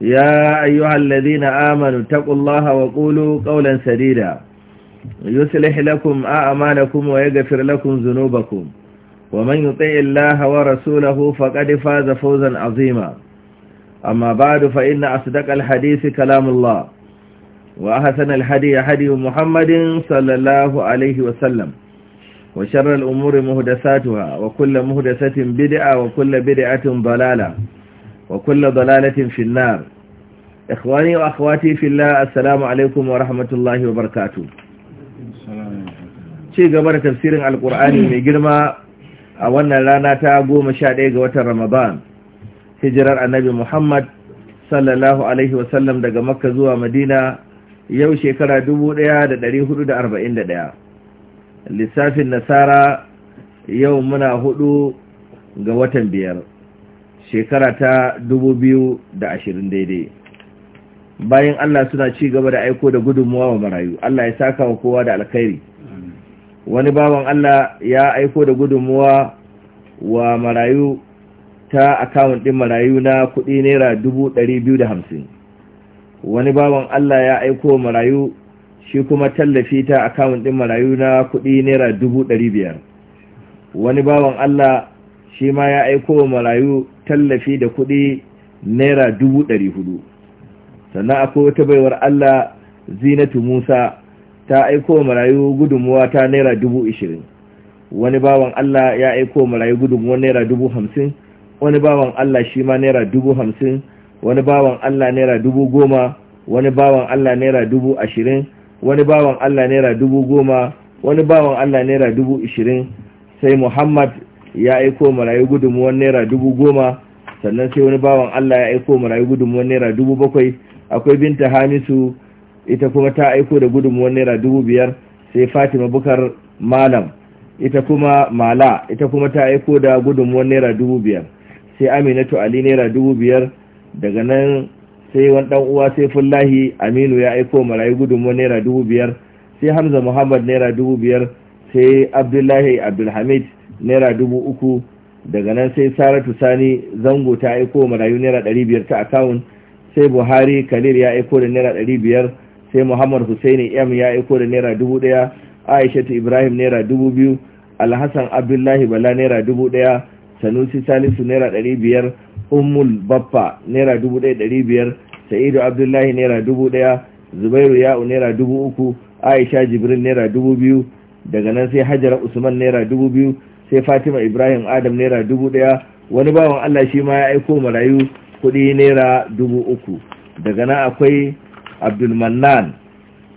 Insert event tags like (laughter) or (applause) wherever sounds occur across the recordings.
يا أيها الذين آمنوا اتقوا الله وقولوا قولا سديدا يصلح لكم أعمالكم ويغفر لكم ذنوبكم ومن يطع الله ورسوله فقد فاز فوزا عظيما أما بعد فإن أصدق الحديث كلام الله وأحسن الحدي حدي محمد صلى الله عليه وسلم وشر الأمور مهدساتها وكل مهدسة بدعة وكل بدعة ضلالة wa kulla dalalatin fi nar ikhwani wa akhwati fi alaikum wa rahmatullahi wa barakatuh ci gaba da tafsirin alqur'ani mai girma a wannan rana ta goma sha daya ga watan ramadan hijirar annabi muhammad sallallahu daga makka zuwa madina yau shekara dubu daya da dari hudu da arba'in da daya lissafin nasara yau muna hudu ga watan biyar shekara ta da ashirin daidai bayan Allah suna ci gaba da aiko da gudunmuwa wa marayu Allah ya saka wa kowa da alkhairi wani bawan Allah ya aiko da gudunmuwa wa marayu ta akawun ɗin marayu na kuɗi naira hamsin. wani bawan Allah ya aiko wa marayu shi kuma tallafi ta akawun ɗin marayu na kuɗi naira biyar. wani bawan Allah shi ma ya aiko wa marayu tallafi da kuɗi naira dubu ɗari hudu sannan akwai wata baiwar allah zinatu musa ta aiko wa marayu gudunmuwa ta naira dubu ishirin wani bawan allah ya aiko wa marayu gudunmuwa naira dubu hamsin wani bawan allah shi ma naira dubu hamsin wani bawan allah naira dubu goma wani bawan allah naira dubu ashirin wani bawan allah naira dubu goma wani bawan allah naira dubu ishirin sai muhammad ya aiko marayu gudunmuwan naira dubu goma sannan sai wani bawan Allah ya aiko marayu gudunmuwan naira dubu bakwai akwai binta hamisu ita kuma ta aiko da gudunmuwan naira dubu biyar sai fatima bukar malam ita kuma mala ita kuma ta aiko da gudunmuwan naira dubu biyar sai aminatu ali naira dubu biyar daga nan sai wani dan uwa sai fullahi aminu ya aiko marayu gudunmuwan naira dubu biyar sai hamza muhammad naira dubu biyar sai abdullahi abdulhamid naira dubu uku daga nan sai saratu sani zango ta aiko marayu naira ɗari biyar ta akawun sai buhari Kalil ya aiko da naira ɗari biyar sai muhammad husaini m ya aiko da naira dubu ɗaya aishatu ibrahim naira dubu biyu alhassan abdullahi bala naira dubu ɗaya sanusi salisu naira ɗari biyar ummul baffa naira dubu ɗaya ɗari biyar sa'idu abdullahi naira dubu ɗaya zubairu ya'u naira dubu uku aisha jibril naira dubu biyu daga nan sai hajara usman naira dubu biyu sai fatima ibrahim adam naira dubu ɗaya wani bawan allah shi ma ya aiko marayu kuɗi naira dubu uku daga nan akwai abdulmannan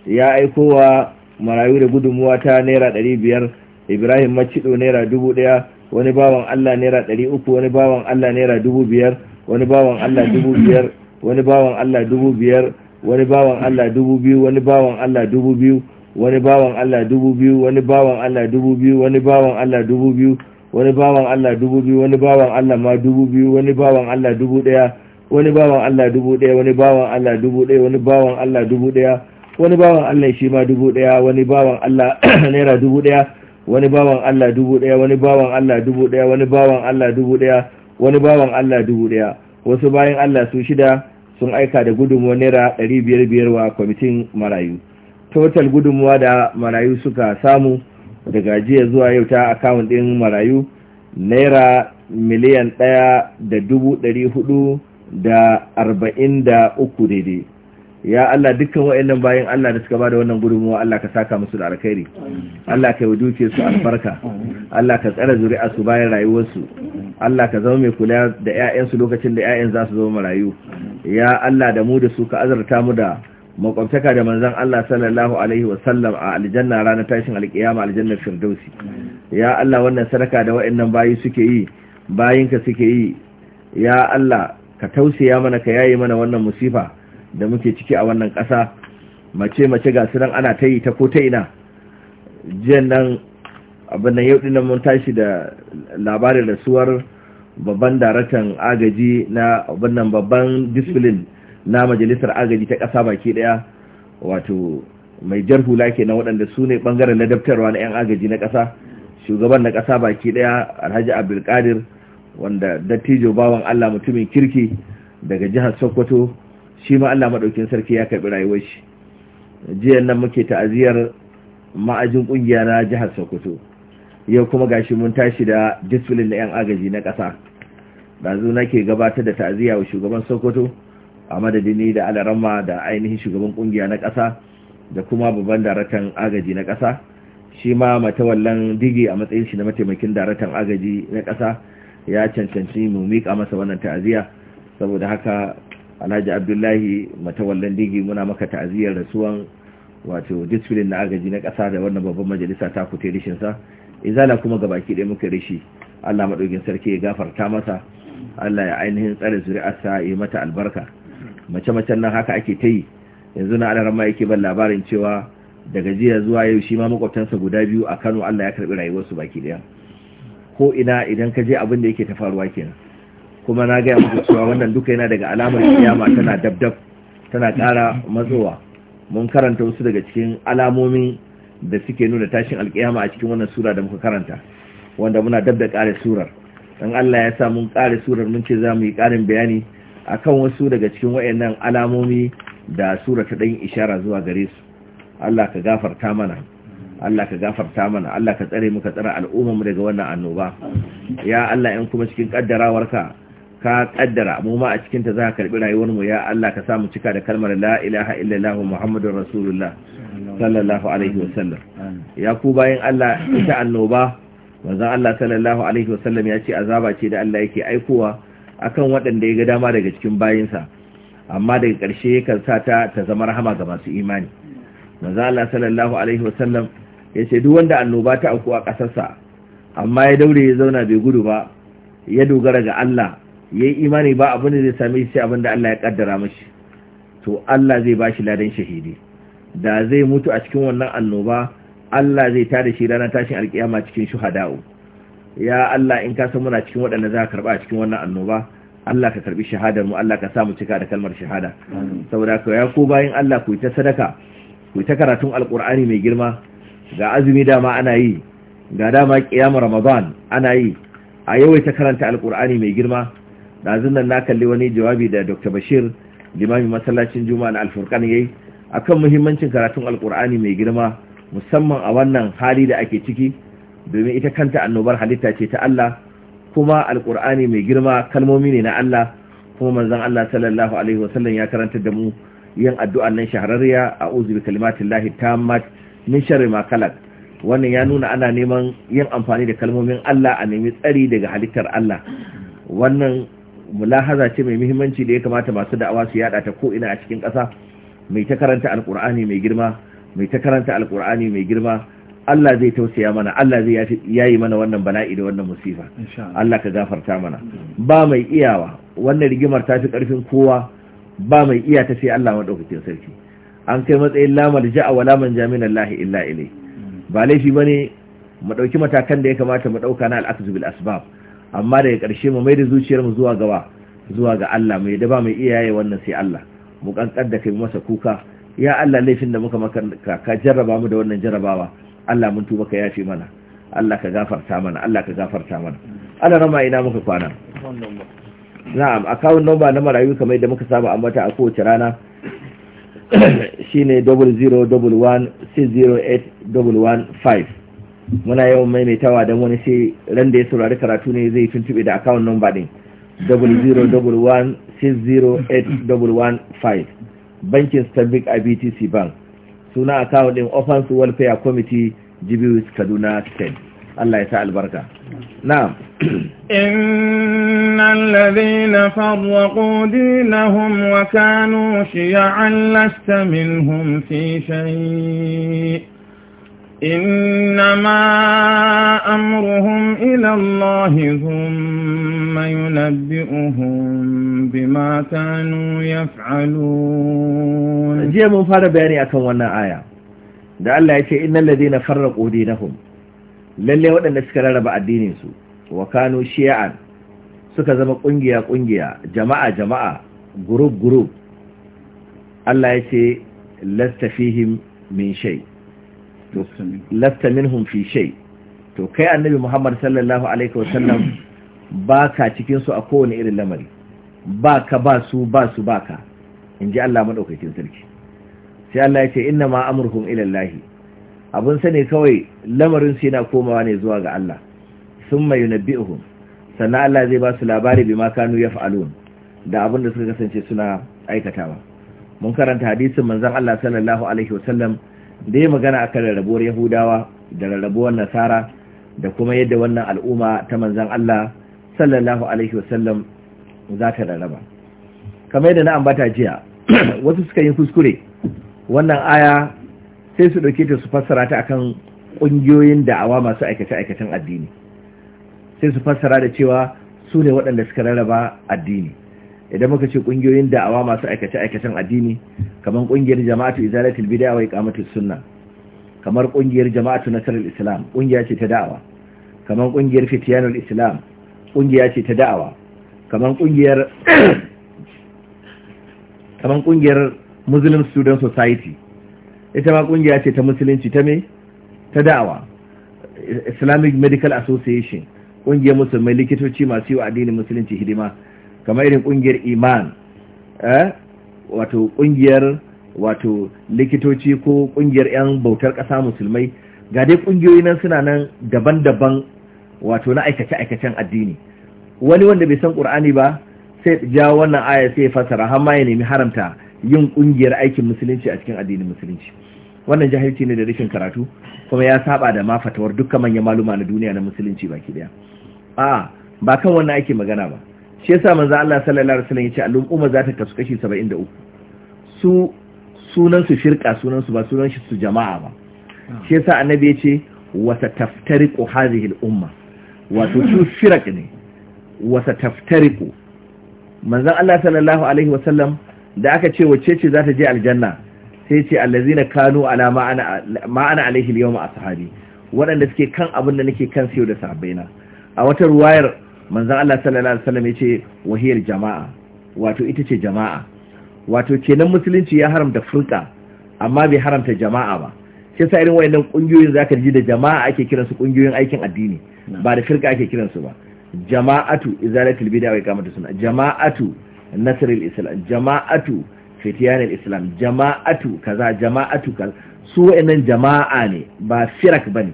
ya aiko wa marayu da gudunmuwa ta naira ɗari biyar ibrahim macido naira dubu ɗaya wani bawan allah naira ɗari uku wani bawan allah naira dubu biyar wani bawan allah dubu biyar wani bawan allah dubu biyar wani bawan allah dubu biyu wani bawan allah dubu biyu wani bawan Allah dubu biyu wani bawan Allah dubu biyu wani bawan Allah dubu biyu wani bawan Allah dubu biyu wani bawan Allah ma dubu biyu wani bawan Allah dubu daya wani bawan Allah dubu daya wani bawan Allah dubu daya wani bawan Allah dubu daya wani bawan Allah shi ma dubu daya wani bawan Allah naira dubu daya wani bawan Allah dubu daya wani bawan Allah dubu daya wani bawan Allah dubu daya wani bawan Allah dubu daya wasu bayan Allah su shida sun aika da gudunmuwa naira 500 wa kwamitin marayu total gudunmuwa da marayu suka samu daga jiya zuwa yau ta akawun ɗin marayu naira miliyan ɗaya da dubu ɗari hudu da arba'in da uku daidai ya Allah dukkan wa'annan bayan Allah da suka bada wannan gudunmuwa Allah ka saka musu da alkhairi Allah ka yi duke su albarka Allah ka tsara zuri'a su bayan rayuwarsu Allah ka zama mai kula da 'ya'yansu lokacin da 'ya'yan za su zama marayu ya Allah da mu da su ka azarta mu da makwabtaka da manzan Allah sallallahu alaihi wasallam a aljanna ranar tashin alkiyama aljannar firdausi ya Allah wannan sadaka da waɗannan bayi suke yi bayinka suke yi ya Allah ka tausaya mana ka yayi mana wannan musifa da muke ciki a wannan ƙasa mace mace ga su nan ana ta yi ta ko ta ina jiyan nan abin nan yau dinnan mun tashi da labarin rasuwar babban daraktan agaji na abin babban discipline na majalisar agaji ta ƙasa baki ɗaya wato mai jar hula na waɗanda su ne ɓangaren ladabtarwa na 'yan agaji na ƙasa shugaban na ƙasa baki ɗaya alhaji abdulkadir wanda dattijo bawan allah mutumin kirki daga jihar sokoto shi ma allah maɗaukin sarki ya karɓi rayuwar shi jiya nan muke ta'aziyar ma'ajin ƙungiya na jihar sokoto yau kuma gashi mun tashi da disfilin na 'yan agaji na ƙasa ɗazu nake gabatar da ta'aziyya wa shugaban sokoto a madadin ni da alarama da ainihin shugaban kungiya na ƙasa da kuma babban daraktan agaji na ƙasa shi ma matawallan digi a matsayin shi na mataimakin daraktan agaji na ƙasa ya cancanci mu mika masa wannan ta'aziyya saboda haka alhaji abdullahi matawallan digi muna maka ta'aziyyar rasuwan wato disfilin na agaji na ƙasa da wannan babban majalisa ta kute rishinsa izala kuma ga baki ɗaya muka rishi allah maɗaukin sarki ya gafarta masa allah ya ainihin tsare zuri'arsa ya mata albarka mace-macen nan haka ake ta yi yanzu na adaran ma yake ban labarin cewa daga jiya zuwa yau shi ma makwabtansa guda biyu a kano allah ya karbi rayuwarsu baki daya ko ina idan ka je abin da yake ta faruwa kenan kuma na gaya muku cewa wannan duka yana daga alamar kiyama tana dabdab tana kara matsowa mun karanta wasu daga cikin alamomin da suke nuna tashin alkiyama a cikin wannan sura da muka karanta wanda muna dab da kare surar dan Allah ya sa mun kare surar mun ce za mu yi karin bayani akan wasu daga cikin wayannan alamomi da sura ta dan ishara zuwa gare su Allah ka gafarta mana Allah ka gafarta mana Allah ka tsare muka tsara al'ummar mu daga wannan annoba ya Allah in kuma cikin kaddarawarka ka kaddara mu ma a cikin ta za ka karbi rayuwar mu ya Allah ka sa mu cika da kalmar la ilaha illallah muhammadur rasulullah sallallahu alaihi wasallam ya ku bayin Allah ita annoba manzon Allah sallallahu alaihi wasallam ya ce azaba ce da Allah yake aikowa akan waɗanda ya ga dama daga cikin bayinsa amma daga ƙarshe yakan sa ta ta zama rahama ga masu imani manzo Allah sallallahu alaihi wasallam ya ce duk wanda annoba ta auku a ƙasarsa amma ya daure ya zauna bai gudu ba ya dogara ga Allah ya yi imani ba abin da zai same shi abin da Allah ya kaddara mashi to Allah zai ba shi ladan shahidi da zai mutu a cikin wannan annoba Allah zai tada shi ranar tashin alkiyama cikin shuhada'u ya Allah in ka san muna cikin waɗanda za ka karɓa a cikin wannan annoba Allah ka karɓi shahadar mu Allah ka sa mu cika da kalmar shahada saboda ka ya ko bayan Allah ku ta sadaka ku ta karatun alkur'ani mai girma ga azumi dama ana yi ga dama kiyama ramadan ana yi a ta karanta alkur'ani mai girma dazun nan na kalli wani jawabi da Dr. Bashir limamin masallacin Juma'a na Alfurqan yayi akan muhimmancin karatun alkur'ani mai girma musamman a wannan hali da ake ciki domin ita kanta annobar halitta ce ta Allah kuma alkur'ani mai girma kalmomi ne na Allah kuma manzon Allah sallallahu alaihi wasallam ya karanta da mu yin addu'a nan shahararriya a uzu bi kalimatillahi tammat min sharri ma khalaq wannan ya nuna ana neman yin amfani da kalmomin Allah a nemi tsari daga halittar Allah wannan mulahaza ce mai muhimmanci da ya kamata masu da'awa su yada ta ko ina a cikin ƙasa mai ta karanta alkur'ani mai girma mai ta karanta alkur'ani mai girma Allah zai tausaya mana Allah zai yayi mana wannan bala'i da wannan musifa Allah ka gafarta mana ba mai iyawa wannan rigimar ta fi karfin kowa ba mai iya ta sai Allah madaukakin sarki an kai matsayin lamar ja'a wa laman jami'in Allah illa ilai ba laifi bane mu dauki matakan da ya kamata mu ɗauka na al'aqzu bil asbab amma daga karshe mu mai da zuciyar mu zuwa gaba zuwa ga Allah mai da ba mai iyaye wannan sai Allah mu kankar da kai masa kuka ya Allah laifin da muka maka ka jarraba mu da wannan jarrabawa Allah mun tuba ka yafe mana Allah ka gafarta mana Allah ka gafarta mana Allah rama ina muka kwana na'am account number na marayu kamar da muka saba ambata a kowace rana (clears throat) shine 0011608115 muna yawan maimaitawa don wani sai ran da ya saurari karatu ne zai tuntube da account number din 0011608115 bankin stanbic ibtc bank suna account ɗin offense welfare committee jibiwis kaduna state Allah ya sa albarka na'am (clears throat) innal ladhina farraqu dinahum wa kanu shi'an lasta minhum fi shay' إنما أمرهم إلى الله ثم ينبئهم بما كانوا يفعلون جيه من فارة بياني أكون وانا آية da Allah ya ce na farra ladina na dinahum lallai waɗanda suka rarraba addinin su wa suka zama ƙungiya-ƙungiya, jama'a jama'a group group Allah ya ce lasta fihim min shay' to lasta minhum fi shay to kai annabi Muhammad sallallahu alaihi wasallam baka cikin su a kowane irin lamari baka ba su ba su baka inji Allah madaukakin sarki sai Allah ya ce inna ma amruhum ila Allah abun sani kawai lamarin su yana komawa ne zuwa ga Allah summa yunabbihum sannan Allah zai ba su labari bima kanu yaf'alun da abin da suka kasance suna aikatawa mun karanta hadisin manzon Allah sallallahu alaihi wasallam da ya magana a kan rarrabuwar yahudawa da rarrabuwar nasara da kuma yadda wannan al'umma ta manzan Allah sallallahu alaihi wasallam za ta rarraba kamar yadda na ambata jiya (clears throat) wasu suka yi kuskure wannan aya sai su ɗauke ta su fassara ta akan ƙungiyoyin da'awa masu aikace-aikacen addini sai su fassara da cewa su ne waɗanda suka rarraba addini idan muka ce kungiyoyin da'awa masu aikace-aikacen addini kamar kungiyar jama'atu izalatul bid'a wa iqamatus sunna kamar kungiyar jama'atu nasrul islam kungiya ce ta da'awa kamar kungiyar fitiyanul islam kungiya ce ta da'awa kamar kungiyar (coughs) kamar kungiyar muslim student society ita ma kungiya ce ta musulunci ta me ta da'awa islamic medical association kungiyar musulmai likitoci masu yi wa addinin musulunci hidima kamar irin kungiyar iman eh, wato kungiyar wato likitoci ko kungiyar 'yan bautar ƙasa musulmai ga dai kungiyoyi nan suna nan daban-daban wato na aikace-aikacen addini wani wanda bai san ƙur'ani ba sai ja wannan aya sai fasara har ma ya nemi haramta yin kungiyar aikin musulunci a cikin addinin musulunci wannan jahilci ne da rashin karatu kuma ya saba da ma fatawar dukkan manyan maluma na duniya na musulunci baki daya a'a ba kan wannan ake magana ba shi yasa manzo Allah sallallahu alaihi wasallam yace al'umma za ta kasu kashi 73 su sunan su shirka sunan su ba sunan shi su jama'a ba shi yasa annabi yace wa sataftariqu hadhihi al'umma wato su firaq ne wa sataftariqu manzon Allah sallallahu alaihi wasallam da aka ce wacce ce za ta je aljanna sai ce allazina kanu ala ma'ana alaihi al-yawma ashabi waɗanda suke kan abin da nake kan sayo da sahabbaina a wata ruwayar manzon Allah sallallahu alaihi wasallam yace wahiyar jama'a wato ita ce jama'a wato kenan musulunci ya haramta furqa amma bai haramta jama'a ba sai sa irin wayannan kungiyoyin zaka ji da jama'a ake kiran su kungiyoyin aikin addini ba da firqa ake kiran su ba jama'atu izalatul bid'a wa iqamatu sunna jama'atu nasrul islam jama'atu fitiyanul islam jama'atu kaza jama'atu kal su wayannan jama'a ne ba firak bane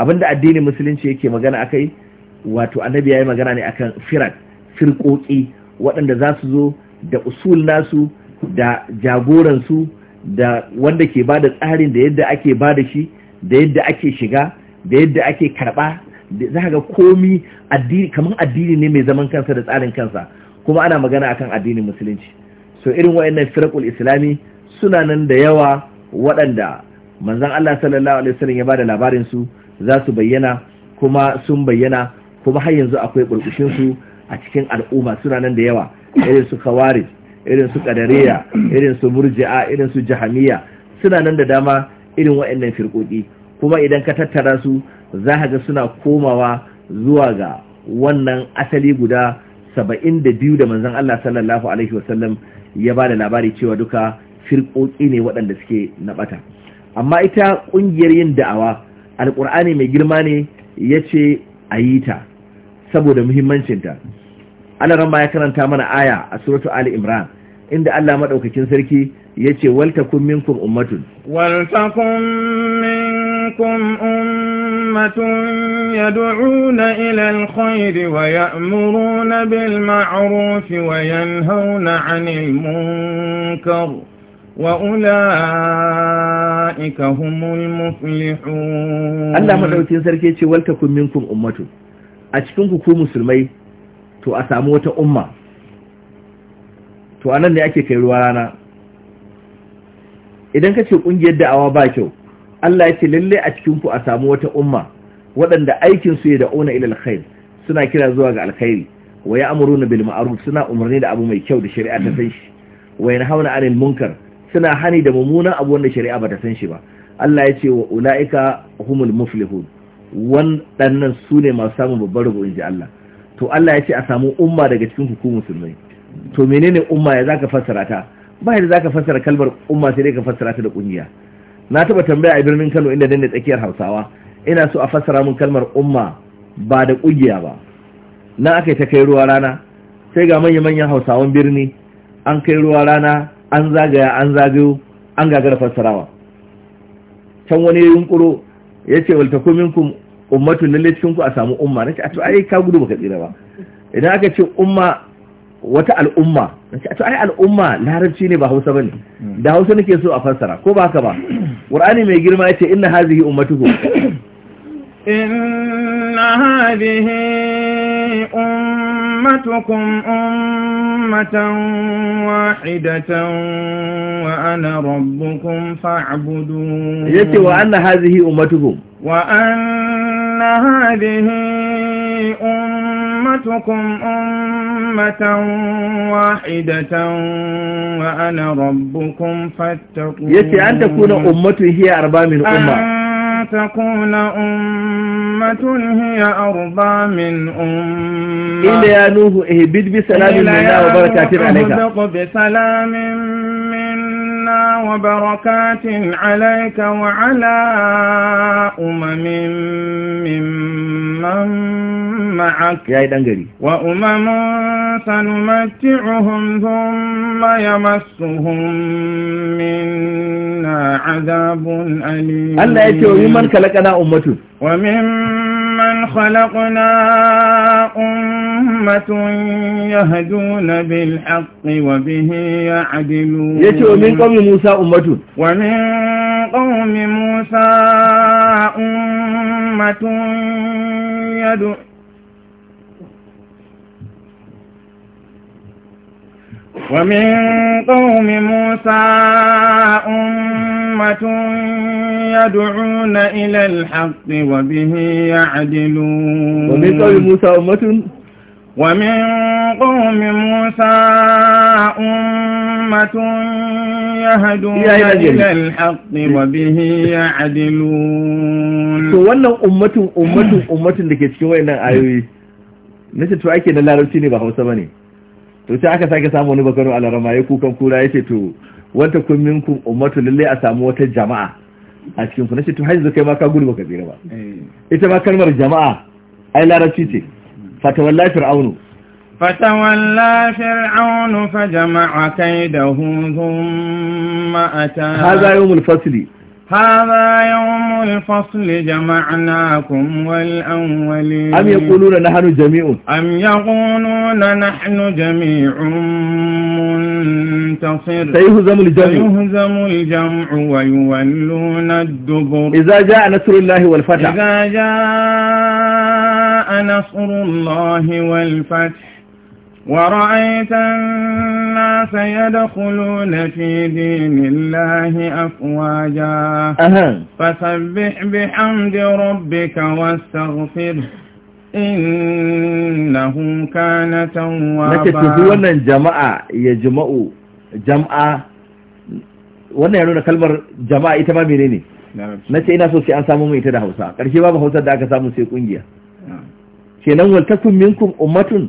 abinda addinin musulunci yake magana akai wato annabi yayi magana ne akan firat, firkoki waɗanda za su zo da usul nasu da jagoransu da wanda ke ba da tsarin da yadda ake ba da shi da yadda ake shiga da yadda ake karɓa za ga komi addini kamar addini ne mai zaman kansa da tsarin kansa kuma ana magana akan addinin musulunci so irin wayannan firqul islami suna nan da yawa waɗanda manzon Allah sallallahu alaihi wasallam ya bada labarin su za su bayyana kuma sun bayyana kuma har yanzu akwai burkushinsu a cikin al'umma suna nan da yawa irin su kawari, irin su kadariya irin su murji'a irin su jahamiya suna nan da dama irin waɗannan firkoki kuma idan ka tattara su za ka ga suna komawa zuwa ga wannan asali guda saba'in da biyu da manzon Allah sallallahu alaihi wasallam ya ba da labari cewa duka firkoki ne waɗanda suke naɓata. amma ita ƙungiyar yin da'awa alƙur'ani mai girma ne ya ce a yi ta saboda muhimmancinta ana rama ya karanta mana aya a suratu ali imran inda Allah maɗaukakin sarki yace waltakum minkum ummatun waltakum minkum ummatun yad'una ila alkhairi wa ya'muruna bil ma'ruf wa yanhauna 'anil munkar وأولئك هم المفلحون الله مدعوتين سركي والتكن منكم ummatun. a cikin ku musulmai to a samu wata umma to anan ne ake kai ruwa rana idan kace ce ƙungiyar da'awa ba kyau Allah ya ce lalle a cikin ku a samu wata umma waɗanda aikin su ya da'una ila alkhair suna kira zuwa ga alkhairi wa ya'muruna bil ma'ruf suna umarni da abu mai kyau da shari'a ta san shi wa yanhauna 'anil munkar suna hani da mummunan abu wanda shari'a ba ta san shi ba Allah ya ce wa ula'ika humul muflihun waɗannan su ne masu samun babban rubu in ji Allah to Allah ya ce a samu umma daga cikin hukumu musulmai to menene umma ya zaka fassara ta ba yadda zaka fassara kalmar umma sai dai ka fassara ta da kungiya na taba tambaya a birnin Kano inda ne tsakiyar Hausawa ina so a fassara mun kalmar umma ba da kungiya ba na aka ta kai ruwa rana sai ga manya manyan Hausawan birni an kai ruwa rana an zagaya an zagayo an gagara fassarawa can wani yunkuro ya ce walta ku ummatu na cikin ku a samu umma nace a to ai ka gudu baka tsira ba idan aka ce umma wata al'umma a to ai al'umma larabci ne ba Hausa ba ne da Hausa nake so a fassara ko ba haka ba wur'ani mai girma yace inna hazihi ku. إن هذه أمتكم أمة واحدة وأنا ربكم فاعبدون يتي وأن هذه أمتكم وأن هذه أمتكم أمة واحدة وأنا ربكم فاتقون يتي أن تكون أمة هي أربع من أمة تكون أمة هي أرضى من أمة إلا يا نوح اهبط بسلام منا وبركات عليك اهبط بسلام وبركات عليك وعلى أمم ممن معك وأمم سنمتعهم ثم يمسهم منا عذاب أليم الله يتوى ممن كلكنا أمته ومن من خلقنا أمة يهدون بالحق وبه يعدلون يتي ومن قوم موسى أمة ومن قوم موسى أمة يدعون ومن قوم موسى أمة أمة يدعون إلى الحق وبه ومن قوم موسى أمة ومن قوم موسى أمة يهدون إلى الحق وبه يعدلون to wannan ummatun ummatun da ke cikin wayannan ayoyi nace to ake da larabci ne ba Hausa bane to sai aka sake samu wani bakano a larama ya kukan to wata kun minkum ummatu lalle a samu wata jama'a a cikin ku nace to hajji kai ma ka gudu baka tsira ba eh. ita ma kalmar jama'a ai larabci ce fatawalla fir'aunu fatawalla fir'aunu fa jama'a kaidahu thumma ata yi yawmul fasli هذا يوم الفصل جمعناكم والأولين أم يقولون نحن جميع أم يقولون نحن جميع منتصر سيهزم الجمع سيهزم الجمع ويولون الدبر إذا جاء نصر الله والفتح إذا جاء نصر الله والفتح ورأيت سيدخلون في دين الله أفواجا فسبح بحمد ربك واستغفر إنه كان توابا لكي tafi wannan jama'a ya jama'a wannan ya nuna kalmar jama'a ita ma menene ce ina so sai an samu mai ita da Hausa karshe babu Hausar da aka samu sai kungiya kenan wal takum minkum ummatun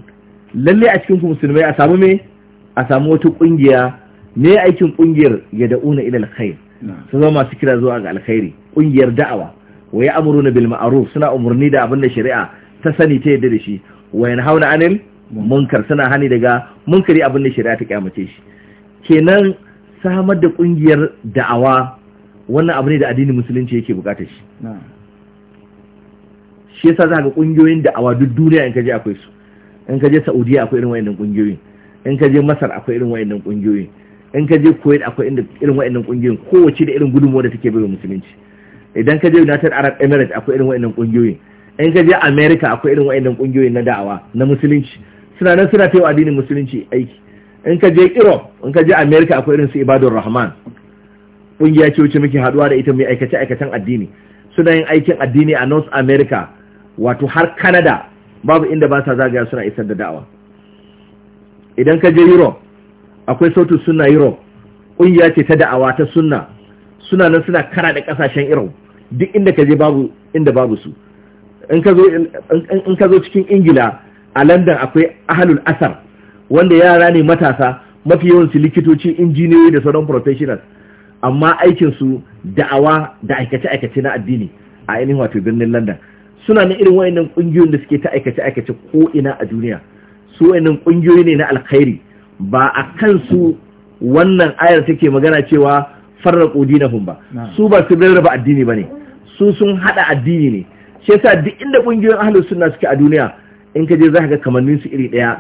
lalle a cikin ku musulmai a samu me a samu wata kungiya ne aikin ƙungiyar ya da'una ila alkhair su zama masu kira zuwa ga alkhairi ƙungiyar da'awa wa ya amuruna bil ma'ruf suna umarni da abin da shari'a ta sani ta yadda da shi wa hauna anil munkar suna hani daga munkari abin da shari'a ta kyamace shi kenan samar da kungiyar da'awa wannan abu ne da addinin musulunci yake bukatar shi shi yasa za ka ga kungiyoyin da'awa duk duniya in ka je akwai su in ka je Saudiya akwai irin wayannan kungiyoyin in ka je masar akwai irin wa'annan kungiyoyi in ka je kuwait akwai irin wa'annan kungiyoyi kowace da irin gudunmuwa da take bai musulunci idan ka je united arab emirates akwai irin wa'annan kungiyoyi in ka je america akwai irin wa'annan kungiyoyi na da'awa na musulunci suna nan suna taiwa addinin musulunci aiki in ka je europe in ka je america akwai irin su ibadur rahman kungiya ce wacce muke haduwa da ita mai aikace aikacen addini suna yin aikin addini a north america wato har canada babu inda ba sa zagaya suna isar da da'awa idan ka je europe akwai sautin sunna europe ƙungiya ce ta da'awa ta sunna suna nan suna kara da ƙasashen europe duk inda ka je babu inda babu su in ka zo cikin ingila a london akwai ahalul asar wanda yara ne matasa mafi yawansu likitoci injiniyoyi da sauran professionals amma aikinsu da'awa da aikace-aikace na addini a ainihin wato birnin london suna na irin wayannan ƙungiyoyin da suke ta aikace-aikace ko ina a duniya su wayannan kungiyoyi ne na alkhairi ba a kansu wannan ayar take magana cewa farraqu dinahum ba su ba su rarraba addini bane su sun hada addini ne shi yasa duk inda kungiyoyin ahlus sunna suke a duniya in ka je zaka ga kamannin su iri daya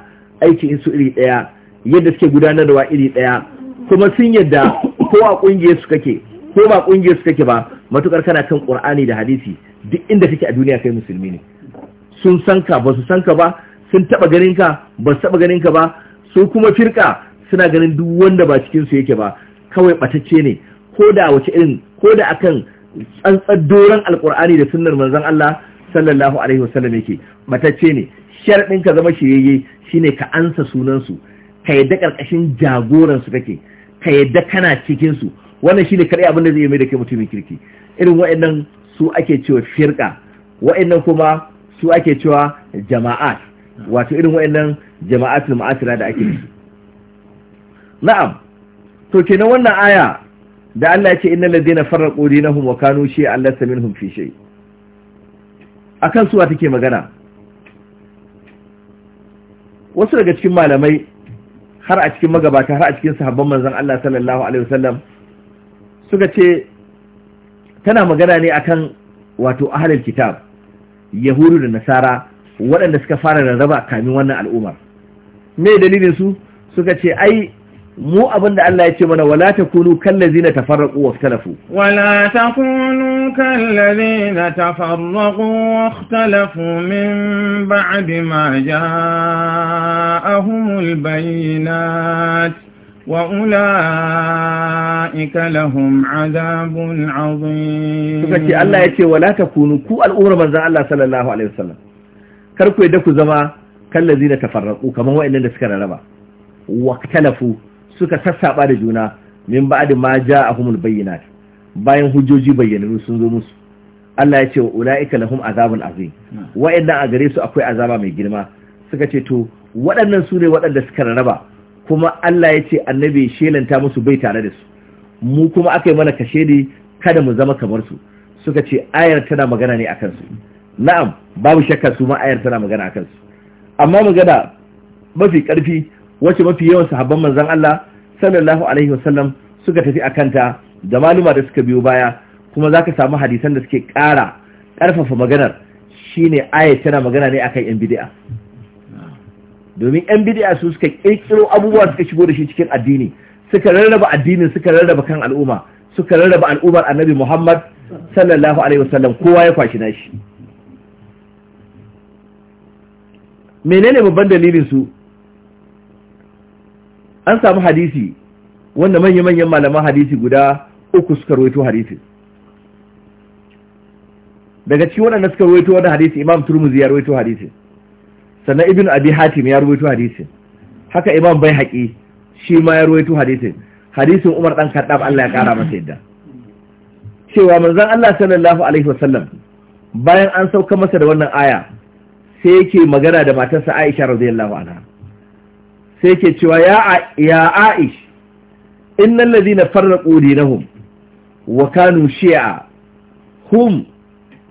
in su iri daya yadda suke gudanarwa iri daya kuma sun yadda ko a kungiyar su kake ko ba kungiyar su kake ba matukar kana kan qur'ani da hadisi duk inda kake a duniya kai musulmi ne sun sanka ba su sanka ba sun taba ganin ka ba su taba ganin ka ba su kuma firka suna ganin duk wanda ba cikin su yake ba kawai batacce ne ko da wace irin ko da akan tsantsar doron alkur'ani da sunnar manzon Allah sallallahu alaihi wasallam yake batacce ne sharadin ka zama shiyayye shine ka ansa sunan su ka yadda karkashin jagoran su kake ka yadda kana cikin su wannan shine kare abin da zai mai da kai mutumin kirki irin waɗannan su ake cewa firka waɗannan kuma su ake cewa jama'at wato irin waɗannan jama'atul ma'asira da ake na'am to kenan wannan aya da Allah yake na innal ladina farraqu dinahum wa kanu shay'an Allah minhum fi shay akan suwa take magana wasu daga cikin malamai har a cikin magabata har a cikin sahabban manzon Allah sallallahu alaihi wasallam suka ce tana magana ne akan wato ahlul kitab yahudu da nasara waɗanda suka fara rarraba kamin wannan al'ummar me dalilin su suka ce ai mu abin da Allah ya ce mana wala takunu kallazina tafarraqu waftalafu wala takunu kallazina tafarraqu waftalafu min ba'di ma ja'ahumul bayyinat wa ula'ika lahum azabun azim suka ce Allah ya ce wala takunu ku al'umma manzon Allah sallallahu alaihi wasallam karku da ku zama kallazi da tafarraku kamar wa'annan da suka wa waktalafu suka sassaba da juna min ba'd ma humul bayyinat bayan hujjoji bayyanu sun zo musu Allah ya ce wa ula'ika lahum azabun azim wa'annan a gare su akwai azaba mai girma suka ce to waɗannan su ne waɗanda suka raraba kuma Allah ya ce annabi shelanta musu bai tare da su mu kuma aka yi mana kashe ne kada mu zama kamar su suka ce ayar tana magana ne akan su na'am babu shakka su ma ayar tana magana akan su amma magana mafi karfi wacce mafi yawan sahabban manzon Allah sallallahu alaihi wasallam suka tafi akan ta da maluma da suka biyo baya kuma zaka samu hadisan da suke ƙara ƙarfafa maganar shine ayar tana magana ne akan yan bid'a domin yan bid'a su suka kirkiro abubuwa suka shigo da shi cikin addini suka rarraba addinin suka rarraba kan al'umma suka rarraba al'ummar annabi Muhammad sallallahu alaihi wasallam kowa ya kwashi nashi menene babban dalilin su an samu hadisi wanda manya-manyan malaman hadisi guda uku suka rawaito hadisi daga cikin waɗanda suka rawaito wannan hadisi imam turmuzi ya rawaito hadisi sannan ibn abi hatim ya rawaito hadisi haka imam bai haƙi shi ma ya rawaito hadisi. hadisin umar ɗan kaddaf Allah ya ƙara masa yadda cewa manzon Allah sallallahu alaihi wasallam bayan an sauka masa da wannan aya sai yake magana da matarsa Aisha radiyallahu anha sai yake cewa ya ya Aish innal ladina farraqu dinahum wa kanu shi'a hum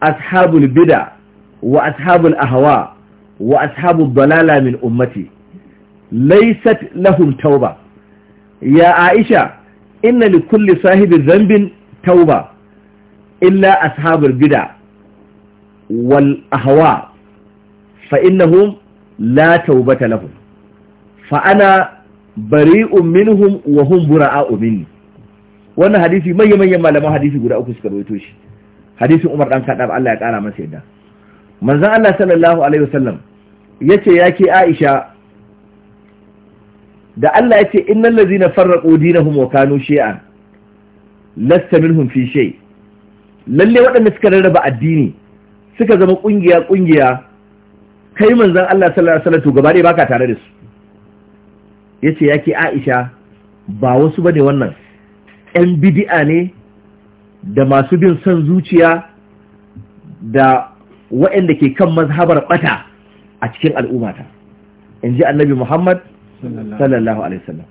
ashabul bid'a wa ashabul ahwa wa ashabul dalala min ummati laysat lahum tauba ya Aisha inna likulli sahibi dhanbin tauba illa ashabul bid'a wal ahwa fa innahum la taubata lahum fa ana bari'un minhum wa hum bura'a'u minni wannan hadisi manyan manyan malaman hadisi guda uku suka rawaito shi hadisin Umar dan Khattab Allah ya kara masa yadda manzon Allah sallallahu alaihi wasallam yace yake Aisha da Allah yace innal ladzina farraqu dinahum wa kanu shi'an lasta minhum fi shay lalle waɗanda suka rarraba addini suka zama kungiya kungiya kai manzan Allah sallallahu alaihi wasallam to gaba dai baka tare da su yace yake Aisha ba wasu bane wannan ɗan bid'a ne da masu bin son zuciya da waɗanda ke kan mazhabar bata a cikin al'ummata inji annabi Muhammad sallallahu alaihi wasallam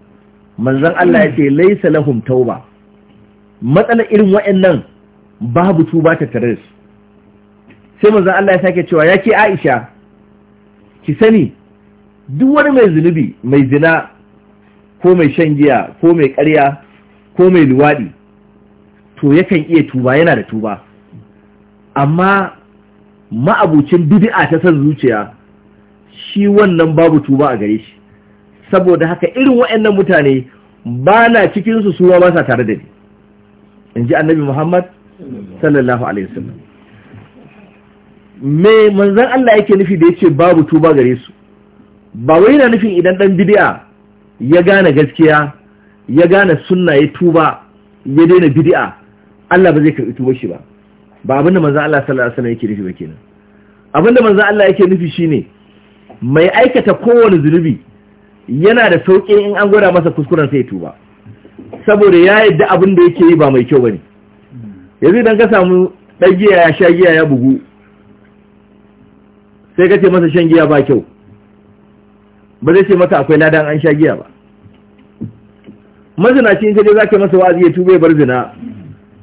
manzan Allah yace laysa lahum tauba matsalar irin waɗannan babu tuba ta tare da su sai manzon Allah ya sake cewa yake Aisha ki sani duk wani mai zunubi mai zina ko mai shan giya ko mai ƙarya ko mai luwaɗi to yakan iya tuba yana da tuba amma ma'abucin bid'a ta san zuciya shi wannan babu tuba a gare shi saboda haka irin waɗannan mutane ba na cikinsu suwa ba sa tare da ni in ji annabi muhammad sallallahu alaihi wasallam me manzan Allah yake nufi da ya ce babu tuba gare su ba wai yana nufin idan dan bid'a ya gane gaskiya ya gane sunna ya tuba ya daina bid'a Allah ba zai karbi tuba shi ba ba abinda manzan Allah sallallahu alaihi wasallam yake nufi ba kenan abinda manzan Allah yake nufi shine mai aikata kowane zunubi yana da sauƙi in an gwada masa kuskuren sai tuba saboda ya yadda abin da yake yi ba mai kyau bane yanzu idan ka samu ɗan giya ya sha giya ya bugu sai ka ce masa shan giya ba kyau ba zai ce masa akwai ladan an sha giya ba mazinaci in kaje zaka masa wa'azi ya tube bar zina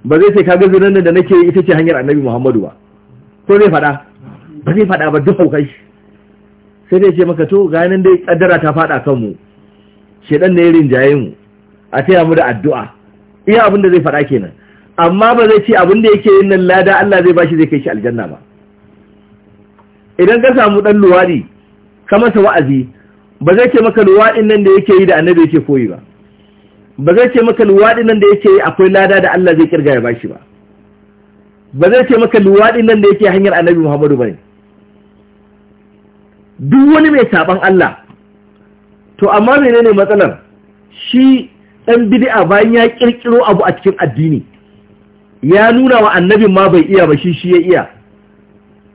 ba zai ce ga zinan da nake ita ce hanyar Annabi Muhammadu ba ko zai faɗa ba zai faɗa ba duk haukai sai dai ce maka to ga nan dai kaddara ta faɗa kan mu shedan ne rinjaye mu a taya mu da addu'a iya abin da zai faɗa kenan amma ba zai ce abin da yake yin nan lada Allah zai bashi zai kai shi aljanna ba idan ka samu ɗan luwadi ka masa wa'azi ba zai ce maka luwadin nan da yake yi da annabi yake koyi ba ba zai ce maka luwadin nan da yake yi akwai lada da Allah zai kirga ya bashi ba ba zai ce maka luwadin nan da yake hanyar annabi Muhammadu bane duk wani mai saban Allah to amma menene matsalar shi dan bid'a bayan ya kirkiro abu a cikin addini ya nuna wa annabin ma bai iya ba shi shi ya iya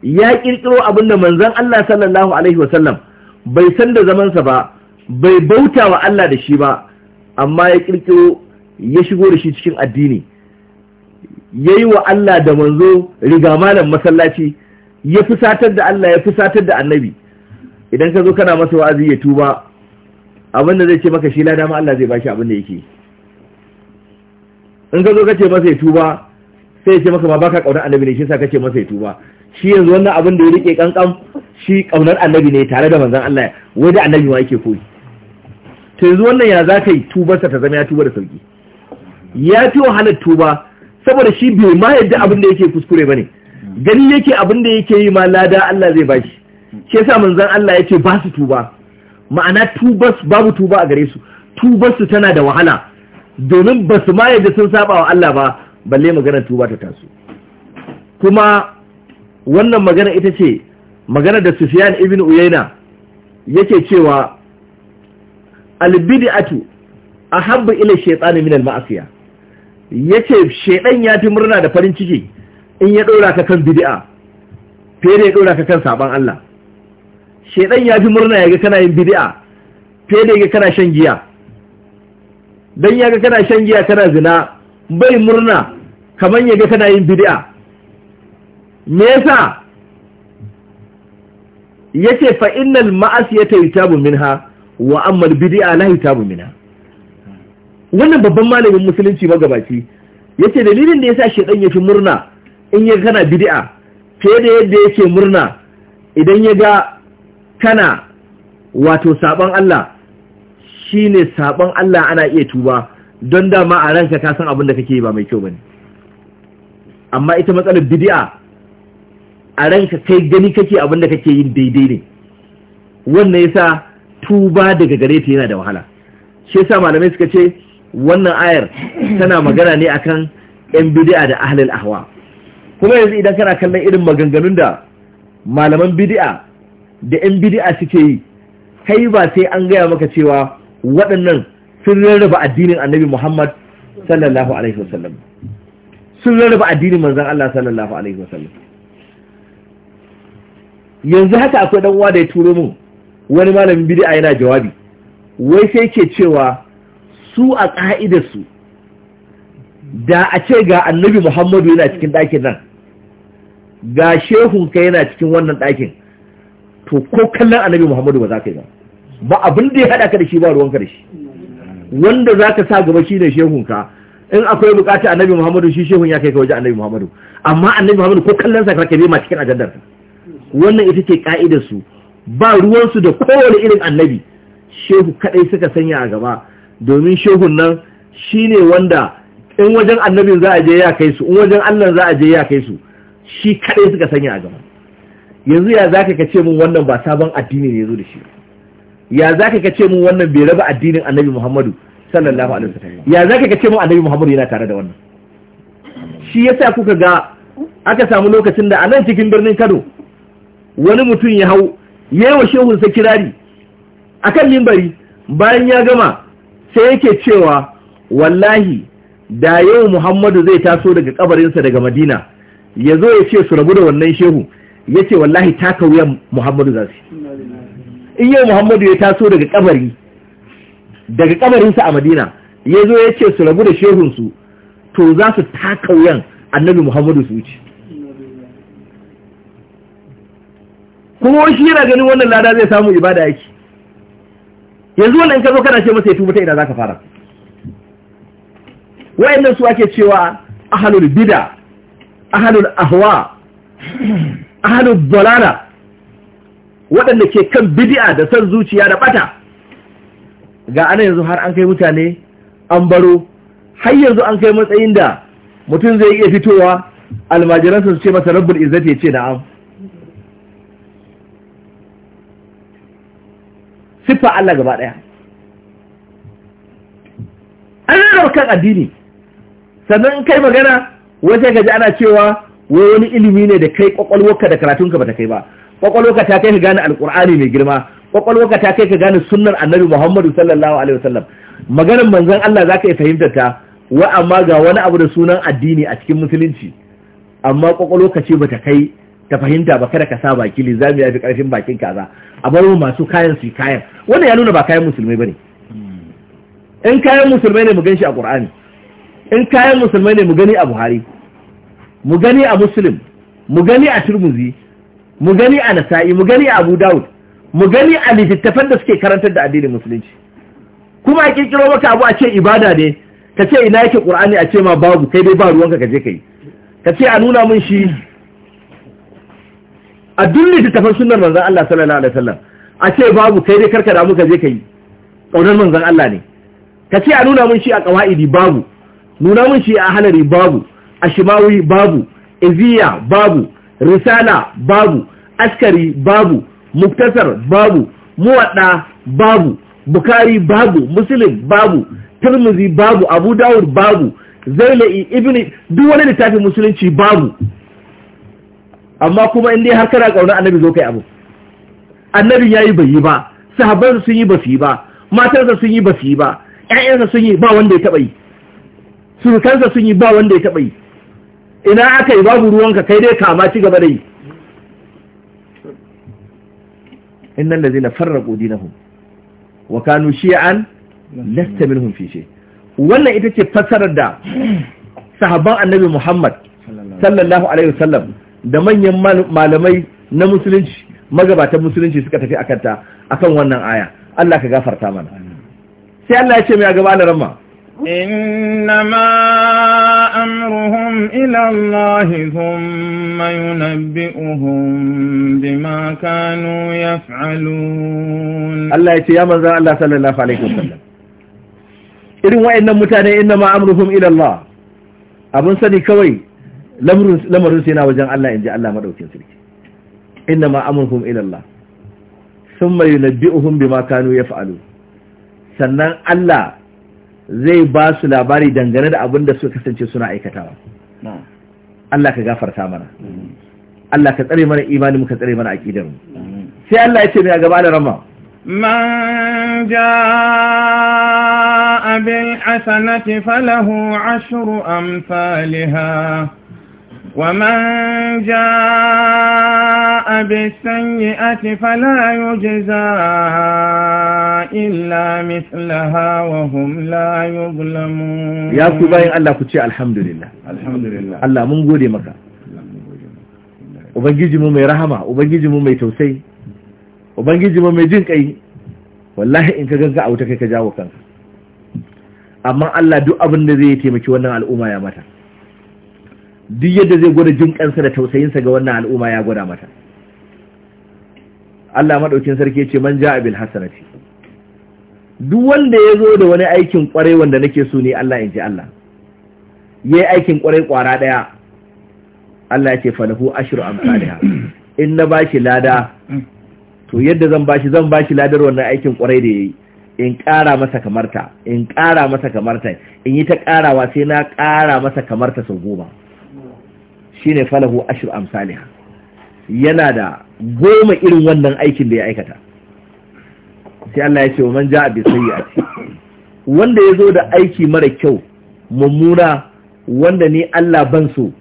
ya kirkiro abin da manzon Allah sallallahu alaihi wasallam bai san da zamansa ba bai bauta wa Allah da shi ba amma ya kirkiro ya shigo da shi cikin addini ya yi wa Allah da manzo riga malam masallaci ya fusatar da Allah ya fusatar da annabi idan ka zo kana masa wa'azi ya tuba abin da zai ce maka shi lada dama Allah zai bashi abin da yake in ka zo ka ce masa ya tuba sai ya ce maka ma baka kauna annabi ne shi yasa kace masa ya tuba shi yanzu wannan abin da ya rike kankan shi kaunar annabi ne tare da manzon Allah wai da annabi ma yake koyi to yanzu wannan ya za ka yi tubarsa ta zama ya tuba da sauki ya fi wahalar tuba saboda shi bai ma yadda abin da yake kuskure ba ne gani yake abin da yake yi ma lada Allah zai bashi shi yasa manzon Allah yake ba su tuba ma'ana tubas babu tuba a gare su tubar su tana da wahala domin ba su ma yadda sun saba wa Allah ba balle maganar tuba ta taso kuma wannan magana ita ce magana da sufiyan ibn uyaina yake cewa albid'atu ahabbu ila shaytan min al-ma'siyah yace shedan ya fi murna da farin ciki in ya dora ka kan bid'a fere ya dora ka kan saban Allah shedan ya fi murna yaga kana yin bid'a fere yaga kana shan giya dan yaga kana shan giya kana zina bai murna kaman yaga kana yin bid'a me yasa yace fa innal ma'asiyata yutabu minha wa amma bid'a la yutabu minha wannan babban malamin musulunci magabaci yace dalilin da ya yasa shedan yafi murna in ya kana bid'a fiye da yadda yake murna idan ya ga kana wato saɓon Allah shi ne saɓon Allah ana iya tuba don dama a ranka ka san abin da kake ba mai kyau bane amma ita matsalar bid'a a ranka kai gani kake abin da kake yin daidai ne wannan yasa tuba daga gare ta yana da wahala shi yasa malamai suka ce wannan ayar tana magana ne akan yan bid'a da ahlul ahwa kuma yanzu idan kana kallon irin maganganun da malaman bid'a da yan bid'a suke yi kai ba sai an gaya maka cewa waɗannan sun rarraba addinin annabi Muhammad sallallahu alaihi wasallam sun rarraba addinin manzon Allah sallallahu alaihi wasallam yanzu haka akwai dan uwa da ya turo mun wani malamin bid'a yana jawabi wai sai ke cewa su a ka'idar su da a ce ga annabi Muhammadu yana cikin ɗakin nan ga shehunka yana cikin wannan ɗakin to ko kallon annabi Muhammadu ba za ka yi ba ba abin da ya haɗa ka da shi ba ruwanka da shi wanda za ka sa gaba shi ne shehunka in akwai bukata annabi Muhammadu shi shehun ya kai ka waje annabi Muhammadu amma annabi Muhammadu ko kallon sa ka bai ma cikin ajandarsa wannan ita ce ka'idarsu ba ruwansu da kowane irin annabi shehu kadai suka sanya a gaba domin shehun nan shi ne wanda in wajen annabin za a je ya kai su in wajen Allah za a je ya kai su shi kadai suka sanya a gaba yanzu ya zaka ka ce mun wannan ba sabon addini ne zo da shi ya zaka ka ce mun wannan bai raba addinin annabi Muhammadu sallallahu alaihi wasallam ya zaka ka ce mun annabi Muhammadu yana tare da wannan shi yasa kuka ga aka samu lokacin da a nan cikin birnin Kano wani mutum ya hau yawa shehunsa kirari a kan mimbari bayan ya gama sai yake cewa wallahi da yau Muhammadu zai taso daga kabarinsa daga Madina ya zo ya ce su rabu da wannan shehu ya ce wallahi taka wuyan Muhammadu za su in yau Muhammadu ya taso daga kabari daga kabarinsa a Madina ya zo ya ce su rabu da shehunsu to za su taka wuyan annabi Muhammadu su wuce kuma shi yana ganin wannan lada zai samu ibada yake yanzu wannan ka zo kana ce masa ya tuba ta ina ka fara wayannan su ake cewa ahlul bid'a ahlul ahwa ahlul dalala waɗanda ke kan bid'a da san zuciya da ɓata, ga ana yanzu har an kai mutane an baro har yanzu an kai matsayin da mutum zai iya fitowa almajiransa su ce masa rabbul izzati ya ce na'am siffa Allah gaba ɗaya an rarraba kan addini sannan in kai magana wace gaji ana cewa wai wani ilimi ne da kai kwakwalwarka da karatunka ba ta kai ba kwakwalwarka ta kai ka gane Alƙur'ani mai girma kwakwalwarka ta kai ka gane sunnar annabi muhammadu sallallahu alaihi wasallam maganar manzon Allah zaka iya fahimtar ta wa amma ga wani abu da sunan addini a cikin musulunci amma kwakwalwarka ce ba ta kai ka fahimta ba kada ka sa baki lizami ya fi karfin bakin kaza a bar mu masu kayan su kayan wannan ya nuna ba kayan musulmai bane in kayan musulmai ne mu gani a qur'ani in kayan musulmai ne mu gani a buhari mu gani a muslim mu gani a turmuzi mu gani a nasa'i mu gani a abu dawud mu gani a littattafan da suke karantar da addinin musulunci kuma a kirkiro maka abu a ce ibada ne ka ce ina yake qur'ani a ce ma babu kai dai ba ruwanka ka je kai ka ce a nuna mun shi a duk littattafan sunan manzan Allah sallallahu alaihi wasallam a ce babu kai dai karka da muka je kai kaunar manzan Allah ne ka ce a nuna mun shi a qawaidi babu nuna mun shi a halari babu a shimawi babu iziya babu risala babu askari babu muktasar babu muwadda babu bukari babu muslim babu tirmizi babu abu dawud babu zailai ibni duk wani littafin musulunci babu amma kuma in dai har kana kauna annabi zo kai abu annabi yayi bai yi ba sahabban sun yi ba su yi ba matarsa sun yi ba su yi ba ƴaƴansa sun yi ba wanda ya taɓa yi surukansa sun yi ba wanda ya taɓa yi ina aka yi babu ruwanka kai dai kama ci gaba da yi innal ƙudi na hun wa kanu shi'an lasta min hun fice wannan ita ce fassarar da sahabban annabi Muhammad sallallahu alaihi wasallam da manyan malamai na musulunci magabatan musulunci suka tafi a kanta a kan wannan aya Allah ka gafarta mana sai Allah ya ce mai a gaba da ramma inna ma amruhum ila Allah thumma yunabbi'uhum bima kanu yaf'alun Allah ya ce ya manzo Allah sallallahu alaihi wasallam irin wa'annan mutane inna ma amruhum ila Allah abun sani kawai lamarin su yana wajen Allah in ji Allah madaukin sarki inna ma amurhum ila Allah sannan Allah zai ba su labari dangane da abin da suka kasance suna aikatawa Allah ka gafarta mana Allah ka tsare mana imani muka tsare mana aqidar mu sai Allah ya ce mai a gaba da rama man jaa bil falahu ashru amsalha ومن جاء بالسيئة فلا يجزى إلا مثلها وهم لا يظلمون يا كباين الله كتشي الحمد لله الحمد لله الله من قولي مكا mai rahama, mai tausayi, mai jin ƙai, wallahi in ka ganga a wuta kai ka jawo kanka. Amma Allah duk abin da zai taimaki wannan al'umma ya mata. duk yadda zai gwada jin kansa da tausayinsa ga wannan al'umma ya gwada mata Allah maɗaukin sarki ya ce man ja'a bil hasanati duk wanda ya zo da wani aikin kwarai wanda nake so ne Allah in ji Allah ya yi aikin kwarai kwara daya Allah ya ce falahu ashru amsalha in na bashi lada to yadda zan bashi zan bashi ladar wannan aikin kwarai da yayi in ƙara masa kamarta in ƙara masa kamarta in yi ta ƙarawa sai na ƙara masa kamarta sau goma shine falahu ashir amsaliha yana da goma irin wannan aikin da ya aikata sai Allah ya ce man ja'a bi sayyi'ati wanda yazo da aiki mara kyau mummuna wanda ni Allah ban so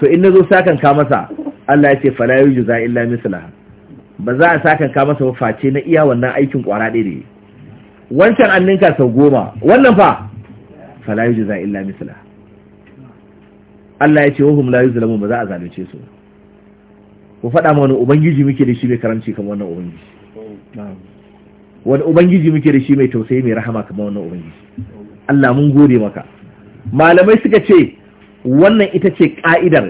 to in nazo sakan ka masa Allah ya ce fala yujza illa mislaha ba za a sakan ka masa face na iya wannan aikin kwara ɗaya wancan an ninka sau goma wannan fa fala yujza illa mislaha Allah ya ce hum la yuzlamu ba za a zalunce su ku faɗa ma wani ubangiji muke da shi mai karamci kamar wannan ubangiji wani ubangiji muke da shi mai tausayi mai rahama kamar wannan ubangiji Allah mun gode maka malamai suka ce wannan ita ce ka'idar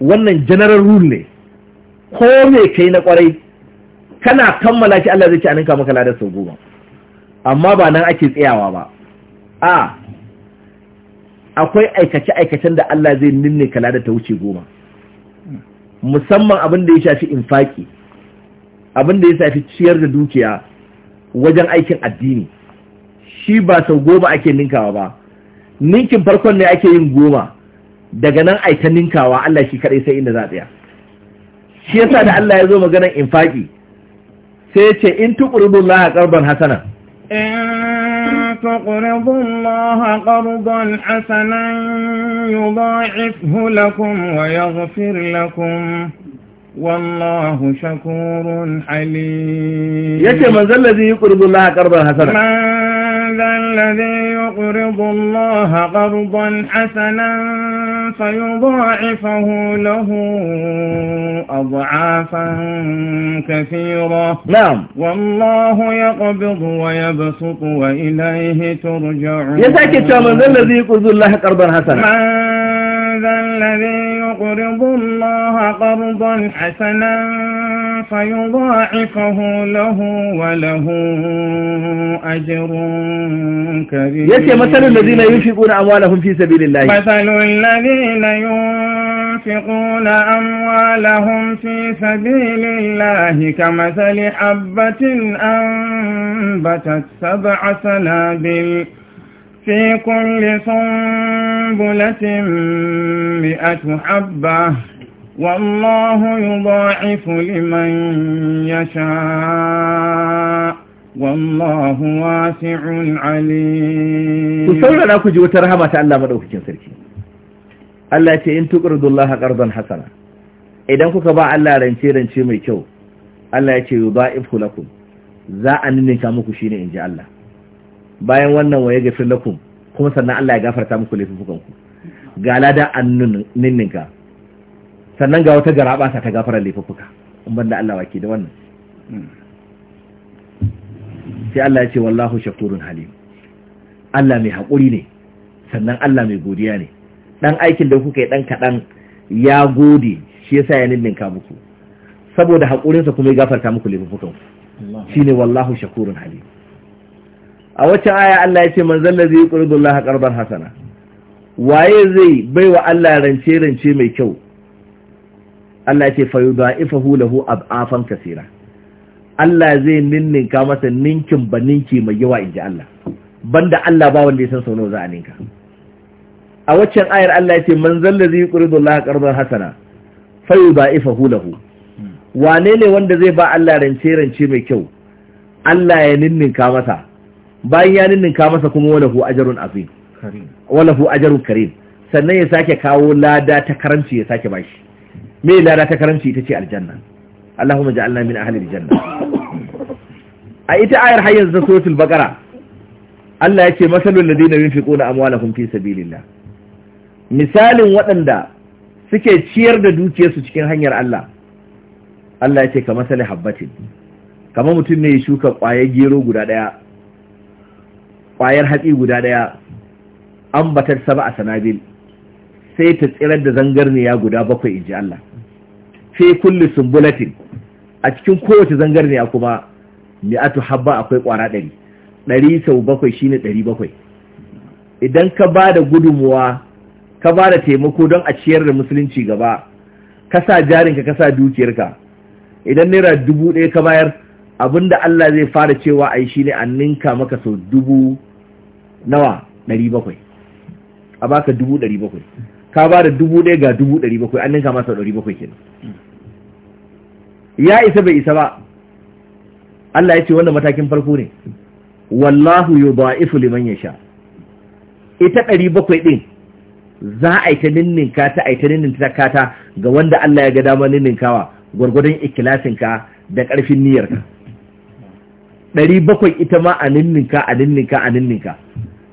wannan general rule ne ko me kai na kwarai kana kammala shi Allah zai ce ka maka ladar sau goma amma ba nan ake tsayawa ba a akwai aikace-aikacen da Allah zai ninne kala da ta wuce goma musamman abin da ya shafi infaki abin da ya shafi ciyar da dukiya wajen aikin addini shi ba sau goma ake ninkawa ba ninkin farkon ne ake yin goma daga nan aita ninkawa Allah shi kaɗai sai inda za tsaya shi yasa da Allah ya zo maganar infaki sai ya ce in tuqridu Allah qarban hasana تقرضوا الله قرضا حسنا يضاعفه لكم ويغفر لكم والله شكور حليم يكي من ذا الذي يقرض الله قرضا حسنا ذا الذي يقرض الله قرضا حسنا فيضاعفه له أضعافا كثيرة نعم والله يقبض ويبسط وإليه ترجعون يساك من ذا الذي يقرض الله قرضا حسنا من ذا الذي يقرض الله قرضا حسنا فيضاعفه له وله أجر كبير يتي مثل الذين ينفقون أموالهم في سبيل الله مثل الذين ينفقون أموالهم في سبيل الله كمثل حبة أنبتت سبع سنابل في كل سنبلة مئة حبة والله Ku لمن يشاء والله واسع عليم وسورة أكو جوة رحمة الله مدعوك جنسركي الله يتي إن تقرض الله قرضا حسنا idan kuka ba Allah rance-rance mai kyau Allah ya ce yi ba'if lakum za a ninninka muku shi ne in Allah bayan wannan waye gafir lakum kuma sannan Allah ya gafarta muku laifukanku ga lada an ninninka sannan ga wata garaba sa ta gafarar laifuka in banda Allah wake da wannan sai Allah ya ce wallahu shakurun halim Allah mai haƙuri ne sannan Allah mai godiya ne dan aikin da kuka yi dan kaɗan ya gode shi yasa ya ninninka muku saboda haƙurinsa kuma ya gafarta muku laifukan shi ne wallahu shakurun halim a wacce aya Allah ya ce zalla zai yuqridu Allah qarban hasana waye zai baiwa Allah rance rance mai kyau Allah ya ce fa hu a afan kasira Allah zai ninninka masa ninkin ba ninki mai yawa in ji Allah banda Allah ba wanda ya san sau za a ninka a waccan ayar Allah ya ce man ƙuri da Allah qardan hasana fa hula hu wane ne wanda zai ba Allah rance rance mai kyau Allah ya ninninka masa bayan ya ninninka masa kuma walahu ajarun azim hu ajarun karim sannan ya sake kawo lada ta karanci ya sake bashi me lada ta karanci ita ce aljanna Allahumma ja'alna min ahli aljanna a ita ayar har yanzu suratul baqara Allah yake masalul ladina yunfiquna amwalahum fi sabilillah misalin waɗanda suke ciyar da dukiyarsu cikin hanyar Allah Allah yake kamar masali habbatin kamar mutum ne ya shuka ƙwayar gero guda ɗaya ƙwayar hatsi guda daya ambatar batar saba sanabil sai ta tsirar da zangarniya guda bakwai in inji Allah fi kulli sumbulatin a cikin kowace zangarniya kuma mi'atu habba akwai kwara ɗari ɗari sau bakwai shi ne ɗari bakwai idan ka ba da gudunmuwa ka ba da taimako don a ciyar da musulunci gaba ka sa jarinka ka sa dukiyarka idan naira dubu ɗaya ka bayar abinda Allah zai fara cewa a yi shi ne an ninka maka sau dubu nawa ɗari bakwai a baka dubu ɗari bakwai ka ba da dubu ɗaya ga dubu ɗari bakwai an ninka masa ɗari bakwai kenan ya isa bai isa ba Allah ya ce wannan matakin farko ne wallahu yudha'ifu liman yasha ita 700 din za a ita ta ninninka ta a ninnin ta kata ga wanda Allah ya ga dama gurgurdan gwargwadon ka da karfin niyyarka ɗari bakwai ita ma a ninninka a ninninka a ninninka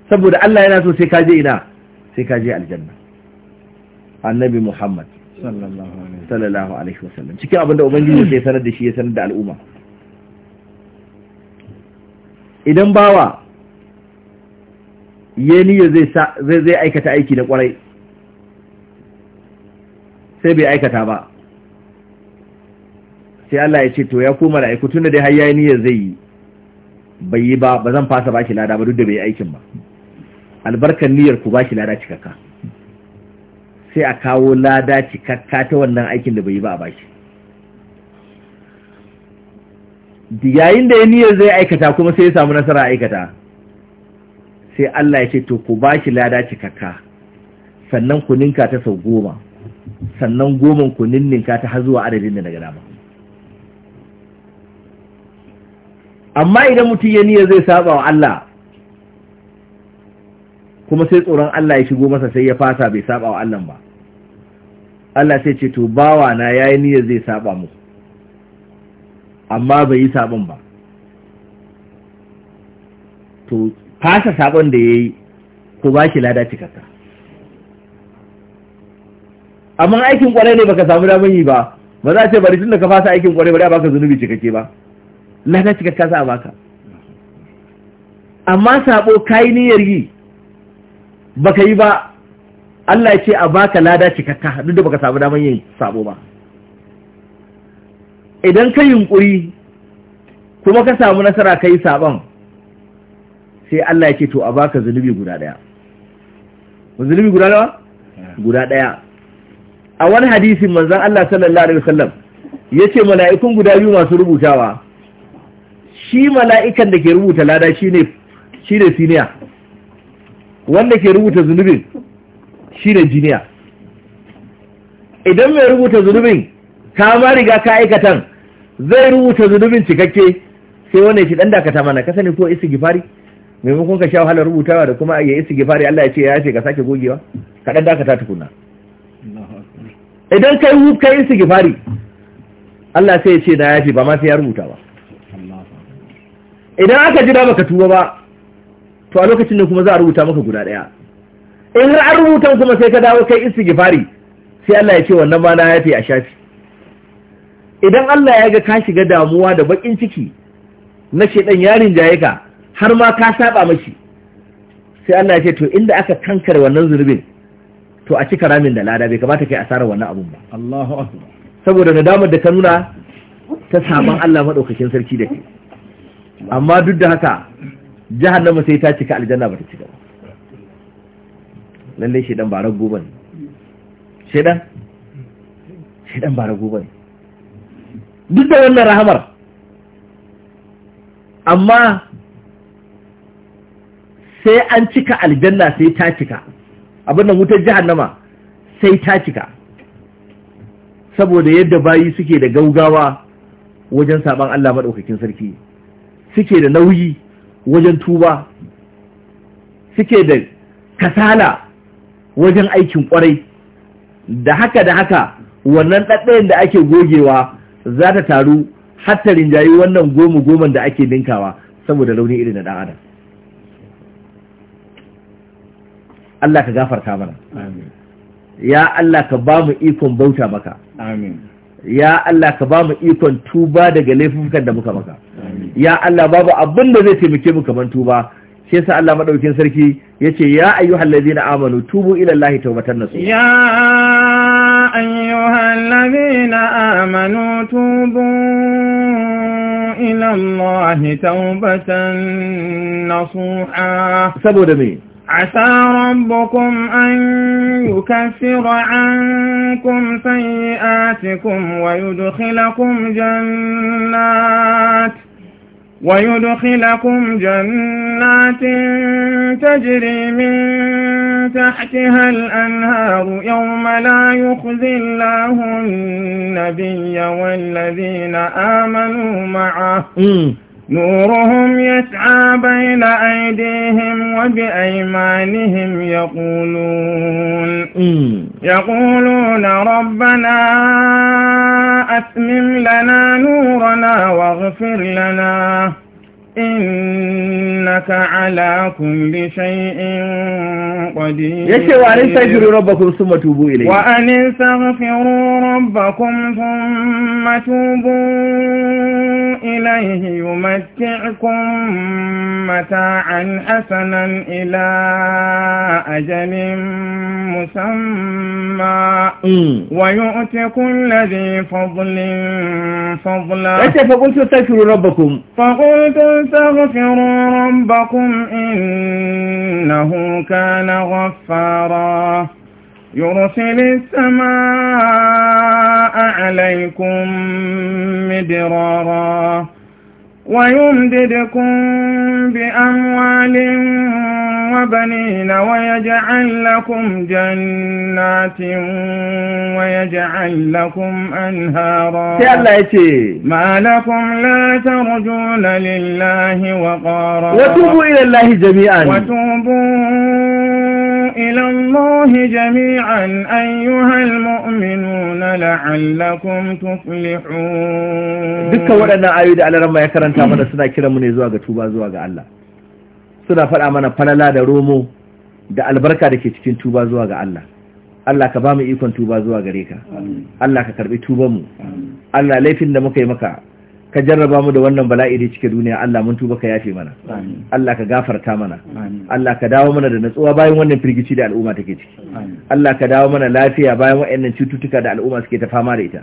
saboda Allah yana so sai ka je ina sai ka je aljanna annabi Muhammad sallallahu alaihi wasallam cikin abinda ubangiji sai sanar da shi ya sanar da al'umma idan bawa ya niyya zai zai aikata aiki da kwarai sai bai aikata ba sai Allah ya ce to ya koma da aiki tunda dai har yayi niyyar zai yi bai yi ba ba zan fasa shi lada ba duk da bai aikin ba albarkan niyyar ku ba shi lada cikakka sai a kawo lada cikakka ta wannan aikin da bai yi ba a bashi yayin da ya niyyar zai aikata kuma sai ya samu nasara aikata sai Allah ya ce to ku bashi lada cikakka sannan ku ninka ta sau goma sannan goman ku ninninka ta har zuwa adadin da na gada amma idan mutum ya niyyar zai saba wa Allah kuma sai tsoron Allah ya shigo masa sai ya fasa bai saba wa Allah ba Allah sai ce to bawa na yayi niyyar zai saba mu amma bai yi sabon ba to fasa sabon da yayi ko ba shi lada cikakka amma aikin kwarai ne baka samu damar yi ba ba za ce bari tunda ka fasa aikin kwarai bari a baka zunubi cikakke ba lada cikakka za a baka amma sabo kai niyyar yi baka yi ba Allah ya ce a baka lada cikakka duk da baka samu daman yin sabo ba idan ka yunkuri kuma ka samu nasara ka yi sabon sai Allah ya ce to a baka zunubi guda daya zunubi guda nawa guda daya a wani hadisin manzon Allah sallallahu alaihi wasallam yace mala'ikun guda biyu masu rubutawa shi mala'ikan da ke rubuta lada shine shine siniya wanda ke rubuta zunubin shi ne jiniya idan mai rubuta zunubin ka ma riga ka aikatan zai rubuta zunubin cikakke sai wani ya ce dan dakata mana ka sani ko isi gifari maimakon ka sha wahalar rubutawa da kuma ya isi gifari Allah ya ce ya ce ka sake gogewa ka dan dakata tukuna idan kai hub kai isi gifari Allah sai ya ce na yafi ba ma sai ya rubuta ba idan aka jira baka tuba ba to a lokacin ne kuma za a rubuta maka guda daya in an rubutan kuma sai ka dawo kai istighfari sai Allah ya ce wannan ma na yafi a shafi idan Allah ya ga ka shiga damuwa da bakin ciki na shedan yarin jaye ka har ma ka saba mashi sai Allah ya ce to inda aka kankare wannan zurbin to a cika ramin da lada bai kamata kai asarar wannan abun ba Allahu akbar saboda nadamar da ka nuna ta saban Allah madaukakin sarki da ke amma duk da haka jahannama sai ta cika aljanna ba ta cika ba lallai shaidan ba rago bane ba duk da wannan rahamar amma sai an cika aljanna sai ta cika abin banan wutar jahannama sai ta cika saboda yadda bayi suke da gaugawa wajen saban Allah maɗaukakin sarki suke da nauyi wajen tuba suke da kasala wajen aikin kwarai da haka da haka wannan ɗaɗɗayan da ake gogewa za ta taru hattarin ta wannan goma goman da ake ninkawa saboda rauni irin na ɗan adam Allah ka gafarta mana ya Allah ka ba mu ikon bauta maka ya Allah ka ba mu ikon tuba daga laifukan da muka maka ya Allah babu abin da zai taimake mu kamar tuba shi yasa Allah madaukin sarki yace ya ayyuhal ladina amanu tubu ila Allah tawbatan nasuha ya ayyuhal ladina amanu tubu ila Allah tawbatan nasuha saboda me عسى ربكم أن يكفر عنكم سيئاتكم ويدخلكم جنات ويدخلكم جنات تجري من تحتها الأنهار يوم لا يخزي الله النبي والذين آمنوا معه نورهم يسعى بين أيديهم وبأيمانهم يقولون يقولون ربنا أتمم لنا نورنا واغفر لنا innaka ala kulli shay'in qadir yace wa an taghfiru rabbakum thumma tubu ilayhi wa an taghfiru rabbakum thumma tubu ilayhi yumatti'kum mata'an hasanan ila ajalin musamma wa yu'ti kulli dhi fadlin fadla yace fa qultu taghfiru rabbakum fa qultu فاستغفروا ربكم إنه كان غفارا يرسل السماء عليكم مدرارا ويمددكم بأموال وبنين ويجعل لكم جنات ويجعل لكم أنهارا ما لكم لا ترجون لله وقارا وتوبوا إلى الله جميعا وتوبوا إلى الله جميعا أيها المؤمنون لعلكم تفلحون دكا ودنا عيد على رما يكرن تامنا suna كرم نزواغ توبا زواغ الله سنة فرامنا فلالا دا رومو da albarka da ke cikin tuba zuwa ga Allah Allah ka bamu ikon tuba zuwa gare ka Allah ka karbi tubanmu Allah laifin da muka yi maka ka jarraba mu da wannan bala'i da cike duniya Allah mun tuba ka yafe mana Allah ka gafarta mana Allah ka dawo mana da natsuwa bayan wannan firgici da al'umma take ciki Allah ka dawo mana lafiya bayan waɗannan cututtuka da al'umma suke ta fama da ita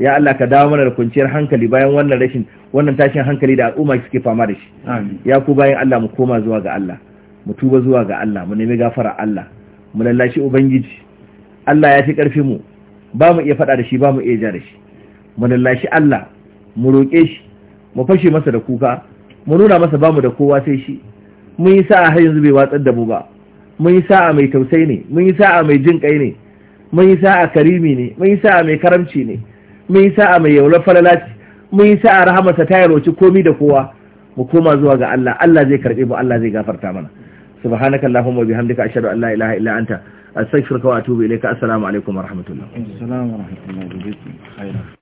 ya Allah ka dawo mana da kwanciyar hankali bayan wannan rashin wannan tashin hankali da al'umma suke fama da shi ya ku bayan Allah mu koma zuwa ga Allah mu tuba zuwa ga Allah mu nemi gafara Allah mu lallashi ubangiji Allah ya fi karfi mu ba mu iya faɗa da shi ba mu iya ja da shi mu lallashi Allah mu roƙe shi mu fashe masa da kuka mu nuna masa bamu da kowa sai shi mun yi sa'a har yanzu bai watsar da mu ba mun yi sa'a mai tausayi ne mun yi sa'a mai jin kai ne mun yi sa'a karimi ne mun yi sa'a mai karamci ne mun yi sa'a mai yaulan falalaci mun yi sa'a rahamarsa ta yaroci komi da kowa mu koma zuwa ga Allah Allah zai karbe mu Allah zai gafarta mana subhanaka allahumma wa bihamdika ashhadu an la ilaha illa anta astaghfiruka wa atubu ilayka assalamu alaikum wa rahmatullah assalamu wa rahmatullahi wa barakatuh